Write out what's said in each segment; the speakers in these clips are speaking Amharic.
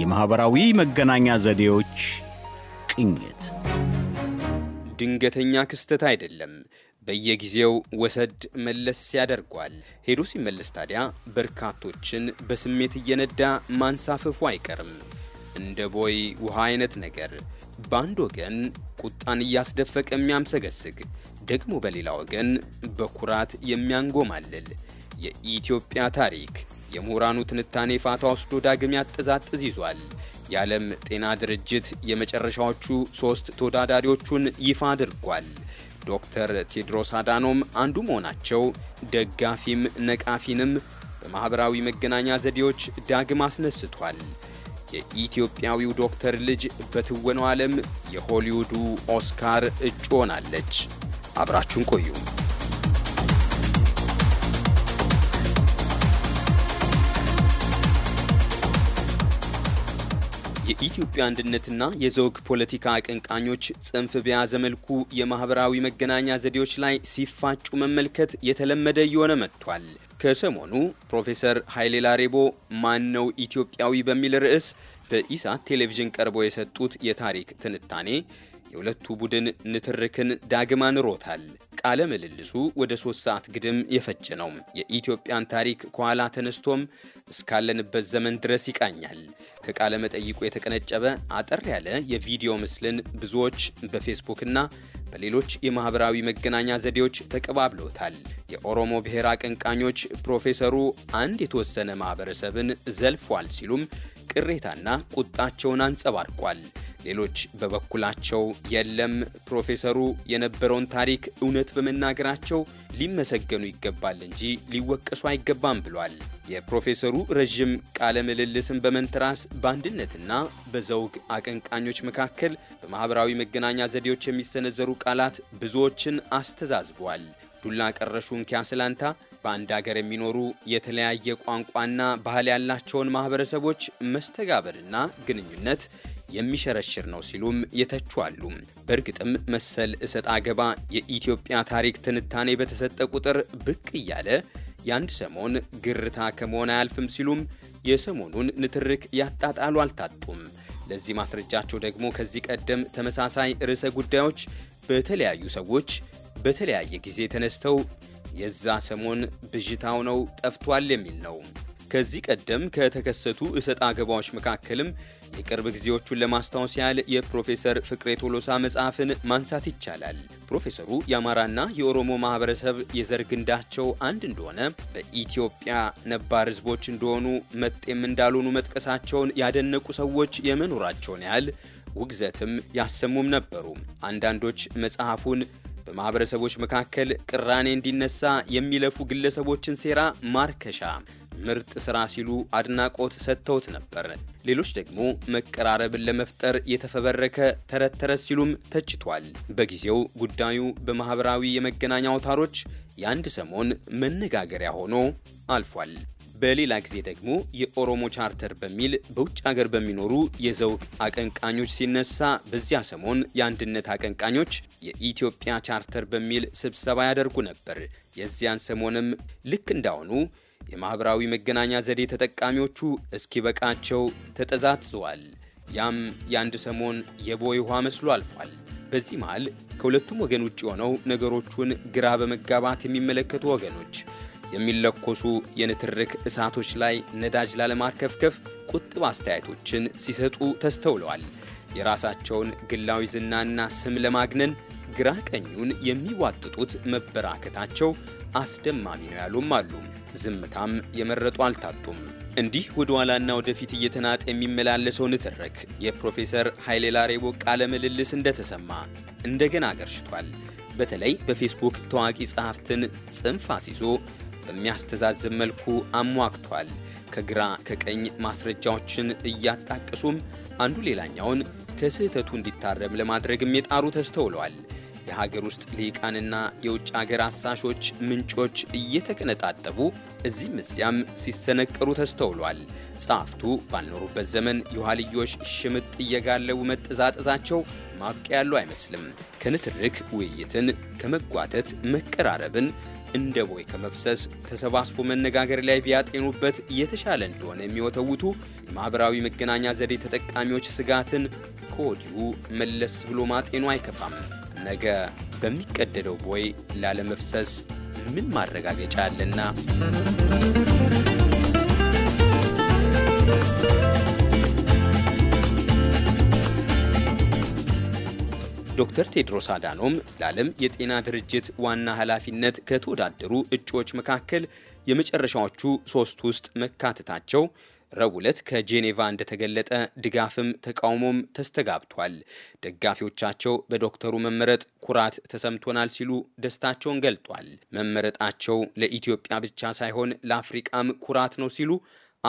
የማኅበራዊ መገናኛ ዘዴዎች ቅኝት ድንገተኛ ክስተት አይደለም። በየጊዜው ወሰድ መለስ ያደርጓል። ሄዶ ሲመለስ ታዲያ በርካቶችን በስሜት እየነዳ ማንሳፈፉ አይቀርም። እንደ ቦይ ውሃ አይነት ነገር በአንድ ወገን ቁጣን እያስደፈቀ የሚያምሰገስግ፣ ደግሞ በሌላ ወገን በኩራት የሚያንጎማልል የኢትዮጵያ ታሪክ የምሁራኑ ትንታኔ ፋታ ወስዶ ዳግም ያጠዛጥዝ ይዟል። የዓለም ጤና ድርጅት የመጨረሻዎቹ ሦስት ተወዳዳሪዎቹን ይፋ አድርጓል። ዶክተር ቴድሮስ አዳኖም አንዱ መሆናቸው ደጋፊም ነቃፊንም በማኅበራዊ መገናኛ ዘዴዎች ዳግም አስነስቷል። የኢትዮጵያዊው ዶክተር ልጅ በትወነው ዓለም የሆሊውዱ ኦስካር እጩ ሆናለች። አብራችሁን ቆዩ። የኢትዮጵያ አንድነትና የዘውግ ፖለቲካ አቀንቃኞች ጽንፍ በያዘ መልኩ የማህበራዊ መገናኛ ዘዴዎች ላይ ሲፋጩ መመልከት የተለመደ እየሆነ መጥቷል። ከሰሞኑ ፕሮፌሰር ኃይሌ ላሬቦ ማን ነው ኢትዮጵያዊ በሚል ርዕስ በኢሳት ቴሌቪዥን ቀርበው የሰጡት የታሪክ ትንታኔ የሁለቱ ቡድን ንትርክን ዳግም አንሮታል። ቃለ ምልልሱ ወደ ሶስት ሰዓት ግድም የፈጀ ነው። የኢትዮጵያን ታሪክ ከኋላ ተነስቶም እስካለንበት ዘመን ድረስ ይቃኛል። ከቃለ መጠይቁ የተቀነጨበ አጠር ያለ የቪዲዮ ምስልን ብዙዎች በፌስቡክና በሌሎች የማህበራዊ መገናኛ ዘዴዎች ተቀባብለውታል። የኦሮሞ ብሔር አቀንቃኞች ፕሮፌሰሩ አንድ የተወሰነ ማህበረሰብን ዘልፏል ሲሉም ቅሬታና ቁጣቸውን አንጸባርቋል። ሌሎች በበኩላቸው የለም ፕሮፌሰሩ የነበረውን ታሪክ እውነት በመናገራቸው ሊመሰገኑ ይገባል እንጂ ሊወቀሱ አይገባም ብሏል። የፕሮፌሰሩ ረዥም ቃለ ምልልስን በመንተራስ በአንድነትና በዘውግ አቀንቃኞች መካከል በማኅበራዊ መገናኛ ዘዴዎች የሚሰነዘሩ ቃላት ብዙዎችን አስተዛዝቧል። ዱላ ቀረሹን ኪያስላንታ በአንድ አገር የሚኖሩ የተለያየ ቋንቋና ባህል ያላቸውን ማህበረሰቦች መስተጋበርና ግንኙነት የሚሸረሽር ነው ሲሉም የተቹ አሉ። በእርግጥም መሰል እሰጥ አገባ የኢትዮጵያ ታሪክ ትንታኔ በተሰጠ ቁጥር ብቅ እያለ የአንድ ሰሞን ግርታ ከመሆን አያልፍም ሲሉም የሰሞኑን ንትርክ ያጣጣሉ አልታጡም። ለዚህ ማስረጃቸው ደግሞ ከዚህ ቀደም ተመሳሳይ ርዕሰ ጉዳዮች በተለያዩ ሰዎች በተለያየ ጊዜ ተነስተው የዛ ሰሞን ብዥታው ነው ጠፍቷል የሚል ነው። ከዚህ ቀደም ከተከሰቱ እሰጥ አገባዎች መካከልም የቅርብ ጊዜዎቹን ለማስታወስ ያህል የፕሮፌሰር ፍቅሬ ቶሎሳ መጽሐፍን ማንሳት ይቻላል። ፕሮፌሰሩ የአማራና የኦሮሞ ማህበረሰብ የዘር ግንዳቸው አንድ እንደሆነ፣ በኢትዮጵያ ነባር ህዝቦች እንደሆኑ መጤም እንዳልሆኑ መጥቀሳቸውን ያደነቁ ሰዎች የመኖራቸውን ያህል ውግዘትም ያሰሙም ነበሩ። አንዳንዶች መጽሐፉን በማህበረሰቦች መካከል ቅራኔ እንዲነሳ የሚለፉ ግለሰቦችን ሴራ ማርከሻ ምርጥ ስራ ሲሉ አድናቆት ሰጥተውት ነበር። ሌሎች ደግሞ መቀራረብን ለመፍጠር የተፈበረከ ተረት ተረት ሲሉም ተችቷል። በጊዜው ጉዳዩ በማህበራዊ የመገናኛ አውታሮች የአንድ ሰሞን መነጋገሪያ ሆኖ አልፏል። በሌላ ጊዜ ደግሞ የኦሮሞ ቻርተር በሚል በውጭ ሀገር በሚኖሩ የዘውግ አቀንቃኞች ሲነሳ በዚያ ሰሞን የአንድነት አቀንቃኞች የኢትዮጵያ ቻርተር በሚል ስብሰባ ያደርጉ ነበር። የዚያን ሰሞንም ልክ እንዳሁኑ የማኅበራዊ መገናኛ ዘዴ ተጠቃሚዎቹ እስኪበቃቸው ተጠዛጥዘዋል። ያም የአንድ ሰሞን የቦይ ውሃ መስሎ አልፏል። በዚህ መሃል ከሁለቱም ወገን ውጭ ሆነው ነገሮቹን ግራ በመጋባት የሚመለከቱ ወገኖች የሚለኮሱ የንትርክ እሳቶች ላይ ነዳጅ ላለማርከፍከፍ ቁጥብ አስተያየቶችን ሲሰጡ ተስተውለዋል። የራሳቸውን ግላዊ ዝናና ስም ለማግነን ግራ ቀኙን የሚዋጥጡት መበራከታቸው አስደማሚ ነው ያሉም አሉ። ዝምታም የመረጡ አልታጡም። እንዲህ ወደ ኋላና ወደፊት እየተናጠ የሚመላለሰው ንትርክ የፕሮፌሰር ኃይሌ ላሬቦ ቃለ ምልልስ እንደተሰማ እንደገና አገርሽቷል። በተለይ በፌስቡክ ታዋቂ ጸሐፍትን ጽንፍ አስይዞ በሚያስተዛዝብ መልኩ አሟግቷል። ከግራ ከቀኝ ማስረጃዎችን እያጣቀሱም አንዱ ሌላኛውን ከስህተቱ እንዲታረም ለማድረግም የጣሩ ተስተውለዋል። የሀገር ውስጥ ሊቃንና የውጭ ሀገር አሳሾች ምንጮች እየተቀነጣጠቡ እዚህም እዚያም ሲሰነቀሩ ተስተውሏል። ጸሐፍቱ ባልኖሩበት ዘመን የኋልዮሽ ሽምጥ እየጋለቡ መጠዛጠዛቸው ማብቂያ ያለው አይመስልም። ከንትርክ ውይይትን፣ ከመጓተት መቀራረብን እንደ ቦይ ከመፍሰስ ተሰባስቦ መነጋገር ላይ ቢያጤኑበት የተሻለ እንደሆነ የሚወተውቱ የማኅበራዊ መገናኛ ዘዴ ተጠቃሚዎች ስጋትን ከወዲሁ መለስ ብሎ ማጤኑ አይከፋም። ነገ በሚቀደደው ቦይ ላለመፍሰስ ምን ማረጋገጫ አለና? ዶክተር ቴድሮስ አዳኖም ለዓለም የጤና ድርጅት ዋና ኃላፊነት ከተወዳደሩ እጩዎች መካከል የመጨረሻዎቹ ሶስት ውስጥ መካተታቸው ረቡዕ ዕለት ከጄኔቫ እንደተገለጠ ድጋፍም ተቃውሞም ተስተጋብቷል። ደጋፊዎቻቸው በዶክተሩ መመረጥ ኩራት ተሰምቶናል ሲሉ ደስታቸውን ገልጧል። መመረጣቸው ለኢትዮጵያ ብቻ ሳይሆን ለአፍሪቃም ኩራት ነው ሲሉ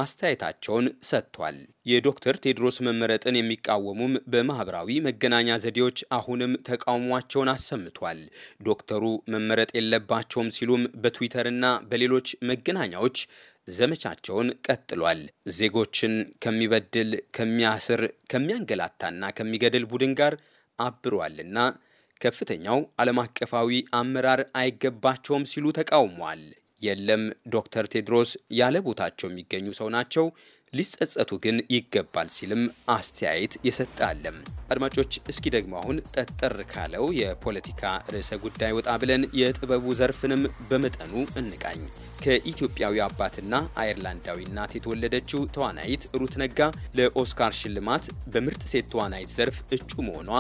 አስተያየታቸውን ሰጥቷል። የዶክተር ቴድሮስ መመረጥን የሚቃወሙም በማህበራዊ መገናኛ ዘዴዎች አሁንም ተቃውሟቸውን አሰምቷል። ዶክተሩ መመረጥ የለባቸውም ሲሉም በትዊተርና በሌሎች መገናኛዎች ዘመቻቸውን ቀጥሏል። ዜጎችን ከሚበድል ከሚያስር፣ ከሚያንገላታና ከሚገድል ቡድን ጋር አብሯልና ከፍተኛው ዓለም አቀፋዊ አመራር አይገባቸውም ሲሉ ተቃውሟል። የለም ዶክተር ቴድሮስ ያለ ቦታቸው የሚገኙ ሰው ናቸው፣ ሊጸጸቱ ግን ይገባል ሲልም አስተያየት የሰጣለም። አድማጮች፣ እስኪ ደግሞ አሁን ጠጠር ካለው የፖለቲካ ርዕሰ ጉዳይ ወጣ ብለን የጥበቡ ዘርፍንም በመጠኑ እንቃኝ። ከኢትዮጵያዊ አባትና አይርላንዳዊ እናት የተወለደችው ተዋናይት ሩት ነጋ ለኦስካር ሽልማት በምርጥ ሴት ተዋናይት ዘርፍ እጩ መሆኗ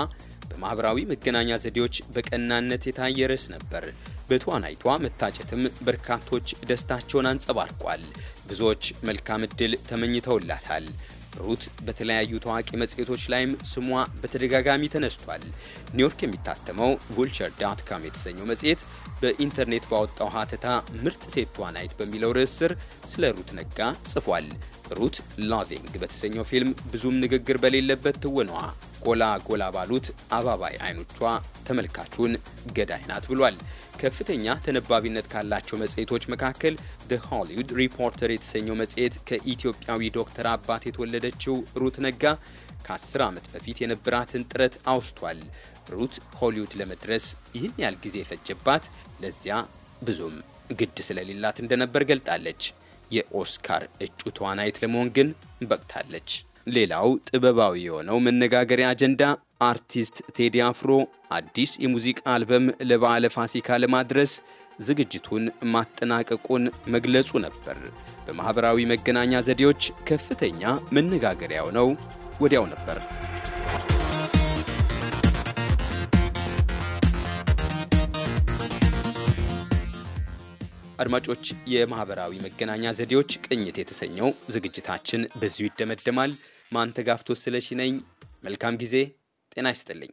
በማኅበራዊ መገናኛ ዘዴዎች በቀናነት የታየ ርዕስ ነበር። በተዋናይቷ መታጨትም በርካቶች ደስታቸውን አንጸባርቋል። ብዙዎች መልካም እድል ተመኝተውላታል። ሩት በተለያዩ ታዋቂ መጽሔቶች ላይም ስሟ በተደጋጋሚ ተነስቷል። ኒውዮርክ የሚታተመው ዊልቸር ዳት ካም የተሰኘው መጽሔት በኢንተርኔት ባወጣው ሀተታ ምርጥ ሴት ተዋናይት በሚለው ርዕስ ስር ስለ ሩት ነጋ ጽፏል። ሩት ላቪንግ በተሰኘው ፊልም ብዙም ንግግር በሌለበት ትወኗ ጎላ ጎላ ባሉት አባባይ አይኖቿ ተመልካቹን ገዳይ ናት ብሏል። ከፍተኛ ተነባቢነት ካላቸው መጽሔቶች መካከል ደ ሆሊውድ ሪፖርተር የተሰኘው መጽሔት ከኢትዮጵያዊ ዶክተር አባት የተወለደችው ሩት ነጋ ከአስር ዓመት በፊት የነበራትን ጥረት አውስቷል። ሩት ሆሊውድ ለመድረስ ይህን ያህል ጊዜ የፈጀባት ለዚያ ብዙም ግድ ስለሌላት እንደነበር ገልጣለች። የኦስካር እጩ ተዋናይት ለመሆን ግን በቅታለች። ሌላው ጥበባዊ የሆነው መነጋገሪያ አጀንዳ አርቲስት ቴዲ አፍሮ አዲስ የሙዚቃ አልበም ለበዓለ ፋሲካ ለማድረስ ዝግጅቱን ማጠናቀቁን መግለጹ ነበር። በማኅበራዊ መገናኛ ዘዴዎች ከፍተኛ መነጋገሪያው ነው ወዲያው ነበር። አድማጮች፣ የማኅበራዊ መገናኛ ዘዴዎች ቅኝት የተሰኘው ዝግጅታችን በዚሁ ይደመደማል። ማንተጋፍቶ ስለሺ ነኝ። መልካም ጊዜ። ጤና ይስጥልኝ።